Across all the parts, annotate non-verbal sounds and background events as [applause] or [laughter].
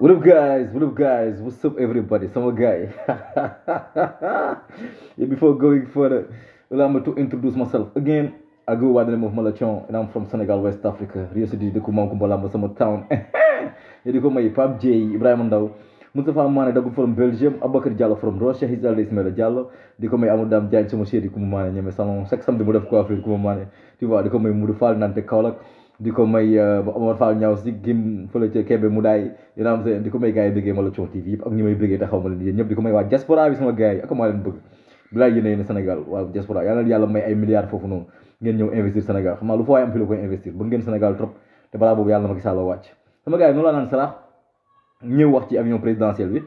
What up, guys? What up, guys? What's up, everybody? Summer guy. [laughs] yeah, before going further, allow me to introduce myself again. I go by the name of Malachon, and I'm from Senegal, West Africa. Rio the Kumam Kumbalamba, Summer Town. [laughs] Yeah, the Kumai Pab J, Ibrahim Ndao. Mustafa Mane dagu from Belgium, Abakar Diallo from Russia, his elder Ismail Diallo. Di ko may amul dam jaay sama chéri Kumba Mané ñëmé sama chaque samedi mu def coiffure Kumba nante Kaolack. di ko may euh, ba Omar Fall ñaaw si gim fële ca Kébé mu daay yéena am di ko may gars bëggee ma la TV yëpp ak ñi may bëggee te xaw ma leen yéen ñëpp di ko may waa diaspora bi sama gars leen bëgg yàlla may ay milliards foofu noonu ngeen ñëw investir Sénégal xam naa lu fa waay am fi la koy ngeen Sénégal trop te balaa yàlla na Macky Sall wàcc sama gars yi noonu laa naan saraax ñëw wax ci avion présidentiel bi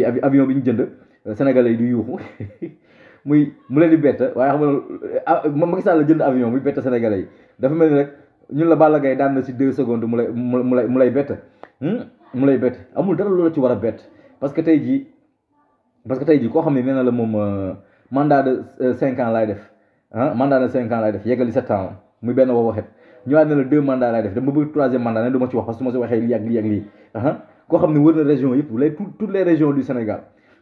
bi avion bi ñu jënd euh, Sénégalais di yuuxu [laughs] muy mu leen di bett waaye xam nga euh, ah, Macky Sall jënd avion muy bett Sénégalais yi dafa ñun la Balla Gaye daan na si deux secondes mu lay mu lay mu lay bett hmm? mu lay bett amul dara loola ci war a bett parce que tey jii parce que tey jii koo xam ne nee na la moom euh, mandat de euh, cinq ans laay def ah mandat de cinq ans laay def yeggali sept ans muy benn wax waxet ñëwaat ne la deux mandats laay def dama bëgg troisième mandat ne du ci wax parce que su ma si waxee lii ak lii ak lii ah, koo xam ne wër na région yëpp lay toutes les régions du Sénégal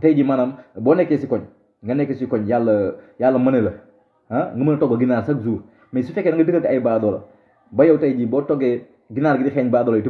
tey ji maanaam boo nekkee si koñ nga nekkee si koñ yàlla yàlla mën la ah nga mën a togg ginaar chaque jour mais su fekkee da nga dëkk ak ay baadoola ba yow tey ji boo toggee ginaar gi di xeeñ baadoola yi te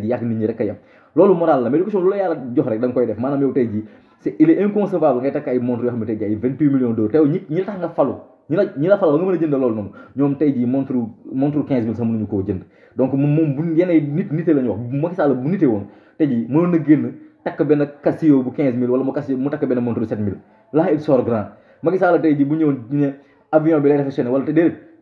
ji yàgg nit ñi rek a yem loolu moral la mais lu ko si loolu yàlla jox rek da nga koy def maanaam yow tey ji c'est il est inconcevable ngay takk ay montre yoo xam tey jii ay vingt huit millions d'euros tey ñi ñi la tax nga falu ñi la falu ba nga mën a jënd loolu noonu ñoom tey jii montre montre quinze mille sax mënuñu koo jënd donc moom bu yeneen nit nite la ñu wax Macky Sall bu nite woon tey jii mënoon na génn takk benn Casio bu quinze mille wala mu Casio mu takk benn montre sept mille là il sort grand Macky tey jii bu ñëwoon ne avion bi lay réfectionné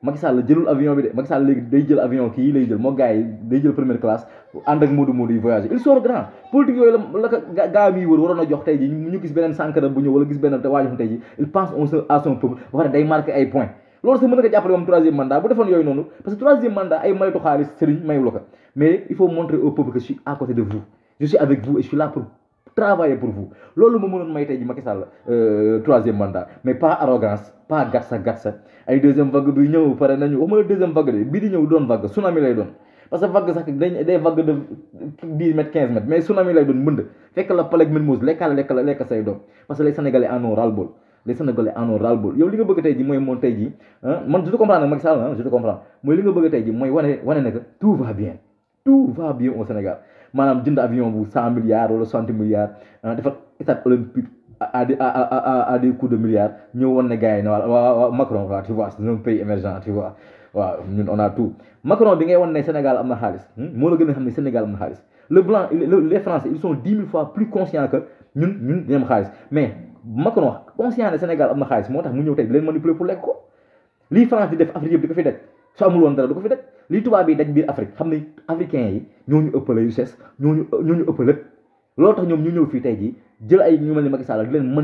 Macky Sall jëlul avion bi de Macky léegi day jël avion kii lay jël moo gars day jël première classe ànd ak Modou yi voyagé ils sont grands politique yooyu la la ko gaa yi wër jox tey ji ñu gis beneen Sankara bu ñëw wala gis beneen waajoxam tey ji il pense à son peuple ba day marqué ay points loolu sax mën na ko jàppale moom troisième mandat yooyu noonu parce que troisième mandat ay maytu xaalis sëriñ mayu la mais il faut montrer au peuple travailler pour vous loolu moo mënoon may tey ji Macky Sall euh, troisième mandat mais pas arrogance pas gatsa gatsa ay deuxième vague bi ñëw pare nañu waxuma la deuxième de bii di ñëw doon vague tsunami lay doon parce que vague sax dañ day vague de dix quinze mètres mais tsunami lay doon mbënd fekk la paleg Mermoz lekkala lekkala lekk say doom parce que les sénégalais en ont ras-le-bol les sénégalais en yow li nga bëgg tey ji mooy moom tey ji man je tout va bien au Sénégal maanaam jënd avion bu cent milliards wala soixante milliards ah, defar stade à à à de milliards ñëw woon ne gars yi ne waa Macron waa tu vois c'est un pays émergent tu vois waaw ñun on a Macron bi ngay woon Sénégal am na xaalis hmm, moo la gën a xam ne Sénégal am na xaalis le blanc les Français ils sont dix mille fois plus conscients que ñun ñun dañu am xaalis mais Macron conscient ne Sénégal am na xaalis moo tax mu ñëw tey di leen manipuler pour lekk ko lii France def Afrique yëpp fi def soo amul du ko fi def. li tubaab yi daj biir Afrique xam ne africain yi ñoo ñu ëppale richesse ñoo ñu ñoo loolu tax fii tey jii jël ay ñu mel ni Macky Sall di leen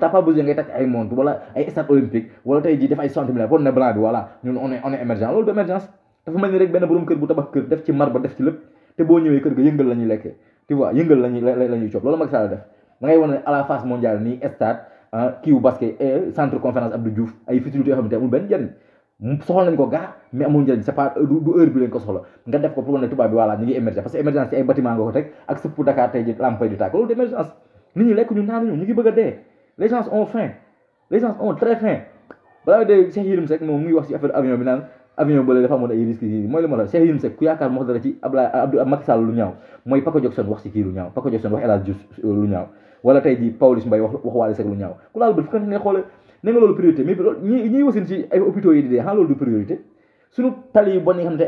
pas besoin ngay takk ay montre wala ay stade olympique wala tey ji def ay cent milliards ne blanc bi voilà ñun on est on est émergent loolu dafa mel ni rek benn borom kër bu tabax kër def ci marbre def ci lépp te boo ñëwee kër ga yëngal la ñuy lekkee tu yëngal lañuy coob loolu Macky Sall def da wane à la phase mondiale nii ah, eh, soxla nañ ko gaa mais amul njëriñ c'est pas du heure bi ko soxla nga def ko pour ne tubaab bi voilà ñu ngi émergence parce que émergence ci ay bâtiment nga ko teg ak sëpp Dakar tey ji lampay di tàkk loolu d'émergence nit ñi lekk ñu naanuñu ñu ngi bëgg dee les wax ci affaire avion avion bële dafa amoon ay risques yi mooy li ma la Cheikh Yérim Seck ku yaakaar mu wax dara lu ñaaw mooy Paco Jackson wax si kii lu ñaaw Paco Jackson wax El Hadj lu ñaaw wala tey ji Pawlish Mbaye wax wax lu ñaaw ku laal bët fu ko ne xoole na loolu priorité mais wasin ci ay yi di dee xanaa loolu du priorité suñu tali bon yi nga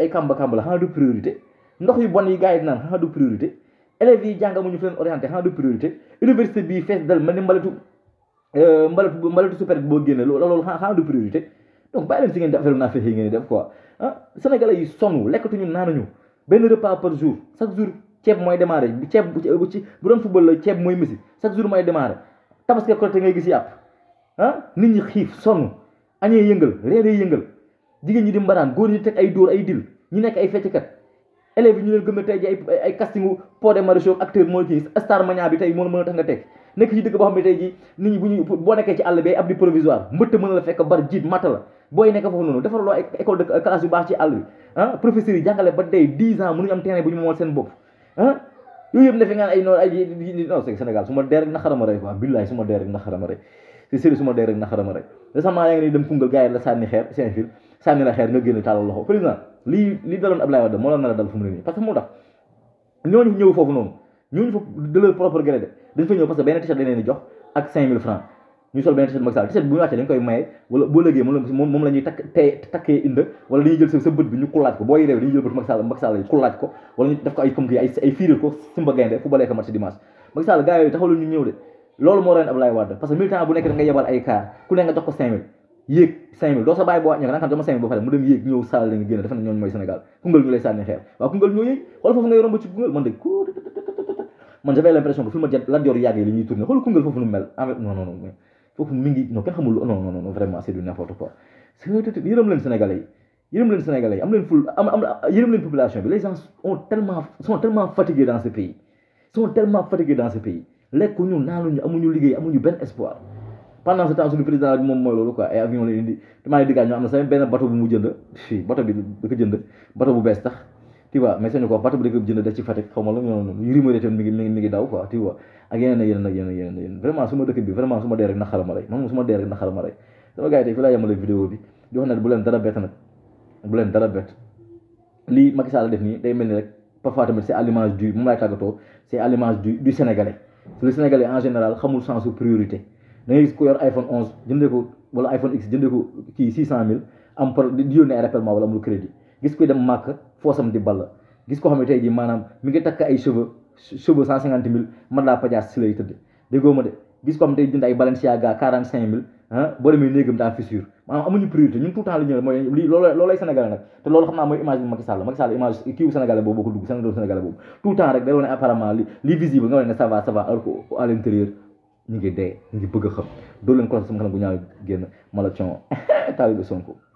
naan xanaa du priorité élèves yi jàng amuñu fi leen orienté xanaa du priorité université bii fees dal mel ni mbalatu euh, donc bàyyi leen si ngeen di affaire naa fexe ngeen di def quoi ah sénégalais yi sonn lekkatuñu ñu benn repas par jour chaque jour ceeb mooy démarré ceeb bu ci bu doon football la ceeb mooy misi chaque jour mooy démarré tabaski korite ngay gis yàpp ah nit ñi xiif sonn añee yëngal reeree yëngal jigéen ñi di mbaraan góor ñi teg ay dóor ay dil ñu nekk ay fecckat élèves yi ñu leen gëm a tey ji ay ay castingu pot de marichaux acteur moo star mania bi tey moo mën nga teg nekk ci dëkk boo xam ne tey ji nit ñi bu ñu boo nekkee ci àll bi abri provisoire mbëtt mën la fekk bar jiit matt la booy nekk foofu noonu defar loo ay ah noonu ah ay non c'est Sénégal su la a dal fu mu ne nii parce que moo tax ñooñu ñëw foofu noonu ñooñu fa de leur propre de dañ fa ñëw parce que benn t-shirt dañ leen di jox ak 5000 francs ñu sol benn t-shirt dañ koy maye wala boo lëgee moom moom ñu kullaaj ko booy réew dañuy jël bët Macky Sall Macky Sall yi ñu ne nga jox ko 5000 yéeg 5000 doo sa bàyyi boo wàññi ko da nga ne ñooñu mooy Sénégal Koungheul ñu lay sànni xeer waaw Koungheul ñoo yéeg xool foofu ngay romb ci Koungheul man de man j'avais l'impression que film Lat Dior yu yàgg yi la ñuy tourné xool Koungheul foofu nu mel avec ah, non non non foofu mi ngi non kenn xamul non non non vraiment c'est du n'importe quoi yërëm leen Sénégalais yi yërëm leen Sénégalais yi am leen ful am am yërëm leen population bi les gens ont tellement sont tellement fatigués dans ce pays sont tellement fatigués dans ce pays lekku ñu naanuñu amuñu liggéey amuñu benn espoir pendant ce temps suñu président bi moom mooy loolu quoi ay avion la indi damaa ne diggaa ñoo am na sax benn bateau bu mu jënd fii bateau bi da ko jënd bateau bu bees tax tu vois mais sañu ko bato bu dëkk bi jënd def ci Fatick xaw ma la noonu ma rey man suma ne day mel ni rek parfois tamit c'est à l'image du moom laay tàggatoo c'est à l'image du du sénégalais le en général xamul sens su priorité da ngay gis ko wala iPhone X jëndee ko kii 600000 am par di yónnee ay rappel wala amul crédit gis kuy dem màkk foosam di ball gis koo xam ne tey jii maanaam mi ngi takk ay cheveux cheveux cent cinquante mille man laa pajaas si lay tëdd déggoo ma de gis ko xam tey jënd ay Balenciaga quarante cinq mille ah boo demee néegam daa fissure maanaam amuñu priorité ñun tout temps li mooy lii loolu loolay sénégalais nag te loolu xam naa mooy image bi Macky Sall image kiiwu sénégalais boobu boo ko dugg sénégalais boobu tout temps rek day wane apparemment [laughs]